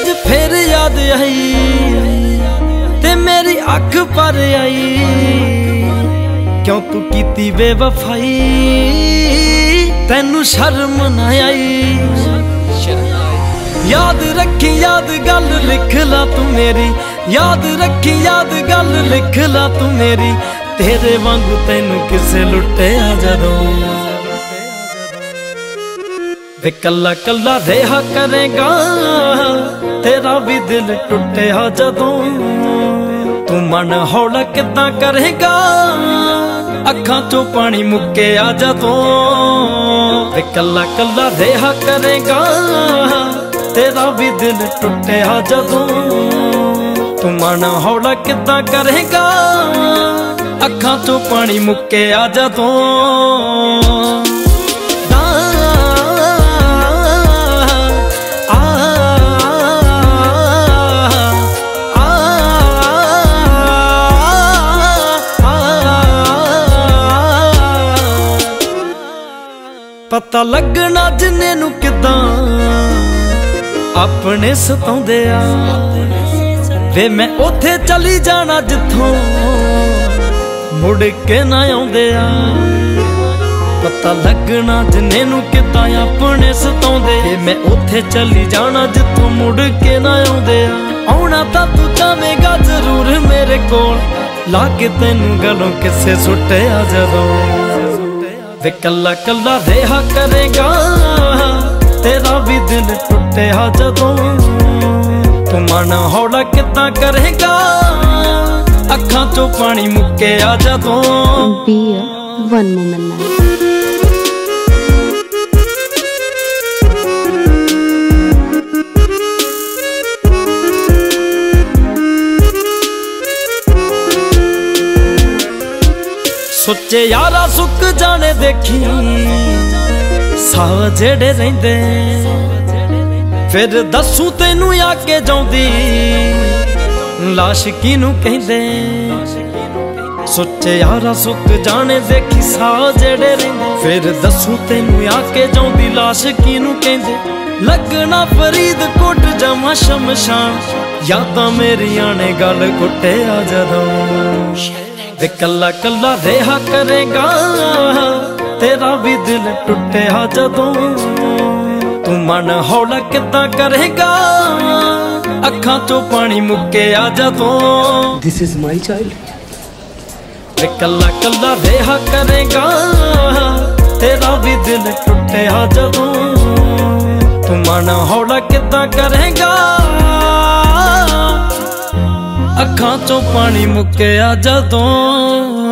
ਅੱਜ ਫਿਰ ਯਾਦ ਆਈ ਤੇ ਮੇਰੀ ਅੱਖ ਪਰ ਆਈ ਕਿਉਂ ਤੂੰ ਕੀਤੀ ਬੇਵਫਾਈ ਤੈਨੂੰ ਸ਼ਰਮ ਨਾ ਆਈ ਯਾਦ ਰੱਖੀ ਯਾਦ ਗੱਲ ਲਿਖ ਲਾ ਤੂੰ ਮੇਰੀ ਯਾਦ ਰੱਖੀ ਯਾਦ ਗੱਲ ਲਿਖ ਲਾ ਤੂੰ ਮੇਰੀ ਤੇਰੇ ਵਾਂਗੂ ਤੈਨੂੰ ਕਿਸੇ ਲੁੱਟਿਆ ਜਦੋਂ ਤੇ ਕੱਲਾ ਕੱਲਾ ਰਹਾ ਕਰੇਗਾ ਤੇਰਾ ਵੀ ਦਿਲ ਟੁੱਟਿਆ ਜਦੋਂ ਤੂੰ ਮਨ ਹੌਲਾ ਕਿਦਾਂ ਕਰੇਗਾ ਅੱਖਾਂ ਚੋਂ ਪਾਣੀ ਮੁੱਕਿਆ ਜਦੋਂ ਤੇ ਕੱਲਾ ਕੱਲਾ ਰਹਾ ਕਰੇਗਾ ਤੇਰਾ ਵੀ ਦਿਲ ਟੁੱਟਿਆ ਜਦੋਂ ਤੂੰ ਮਨ ਹੌਲਾ ਕਿਦਾਂ ਕਰੇਗਾ ਅੱਖਾਂ ਚੋਂ ਪਾਣੀ ਮੁੱਕਿਆ ਜਦੋਂ ਪਤਾ ਲੱਗਣਾ ਜਿੰਨੇ ਨੂੰ ਕਿਦਾਂ ਆਪਣੇ ਸਤਾਉਂਦੇ ਆ ਵੇ ਮੈਂ ਉਥੇ ਚਲੀ ਜਾਣਾ ਜਿੱਥੋਂ ਮੁੜ ਕੇ ਨਾ ਆਉਂਦੇ ਆ ਪਤਾ ਲੱਗਣਾ ਜਿੰਨੇ ਨੂੰ ਕਿਦਾਂ ਆਪਣੇ ਸਤਾਉਂਦੇ ਵੇ ਮੈਂ ਉਥੇ ਚਲੀ ਜਾਣਾ ਜਿੱਥੋਂ ਮੁੜ ਕੇ ਨਾ ਆਉਂਦੇ ਆ ਆਉਣਾ ਤਾਂ ਤੂੰ ਚਾਵੇਂਗਾ ਜ਼ਰੂਰ ਮੇਰੇ ਕੋਲ ਲਾ ਕੇ ਤੈਨੂੰ ਗਲੋਂ ਕਿਸੇ ਸੁੱਟਿਆ ਜਦੋਂ ਵੇ ਕੱਲਾ ਕੱਲਾ ਰਹਾ ਕਰੇਗਾ ਤੇਰਾ ਵੀ ਦਿਲ ਟੁੱਟਿਆ ਜਦੋਂ ਤੂੰ ਮਨ ਹੌਲਾ ਕਿੱਦਾਂ ਕਰੇਗਾ ਅੱਖਾਂ ਤੋਂ ਪਾਣੀ ਮੁੱਕਿਆ ਜਦੋਂ ਬੀ ਵਨ ਮੋਮੈਂਟ ਸੋਚੇ ਯਾਰਾ ਸੁੱਕ ਜਾਣੇ ਦੇਖੀ ਸਾਹ ਜਿਹੜੇ ਰਹਿੰਦੇ ਫਿਰ ਦੱਸੂ ਤੈਨੂੰ ਆ ਕੇ ਜਾਉਂਦੀ ਲਾਸ਼ ਕਿਨੂੰ ਕਹਿੰਦੇ ਸੋਚੇ ਯਾਰਾ ਸੁੱਕ ਜਾਣੇ ਦੇਖੀ ਸਾਹ ਜਿਹੜੇ ਰਹਿੰਦੇ ਫਿਰ ਦੱਸੂ ਤੈਨੂੰ ਆ ਕੇ ਜਾਉਂਦੀ ਲਾਸ਼ ਕਿਨੂੰ ਕਹਿੰਦੇ ਲੱਗਣਾ ਫਰੀਦਕੋਟ ਜਮਾ ਸ਼ਮਸ਼ਾਨ ਯਾਦਾਂ ਮੇਰੀਆਂ ਨੇ ਗੱਲ ਕੁੱਟਿਆ ਜਦੋਂ ਵੇ ਕੱਲਾ ਕੱਲਾ ਰਹਾ ਕਰੇਗਾ ਤੇਰਾ ਵੀ ਦਿਲ ਟੁੱਟਿਆ ਜਦੋਂ ਤੂੰ ਮਨ ਹੌਲਾ ਕਿੱਦਾਂ ਕਰੇਗਾ ਅੱਖਾਂ ਤੋਂ ਪਾਣੀ ਮੁੱਕਿਆ ਜਦੋਂ ਥਿਸ ਇਜ਼ ਮਾਈ ਚਾਈਲਡ ਵੇ ਕੱਲਾ ਕੱਲਾ ਰਹਾ ਕਰੇਗਾ ਤੇਰਾ ਵੀ ਦਿਲ ਟੁੱਟਿਆ ਜਦੋਂ ਤੂੰ ਮਨ ਹੌਲਾ ਕਿੱਦਾਂ ਕਰੇਗਾ ਅੱਖਾਂ ਚੋਂ ਪਾਣੀ ਮੁੱਕਿਆ ਜਦੋਂ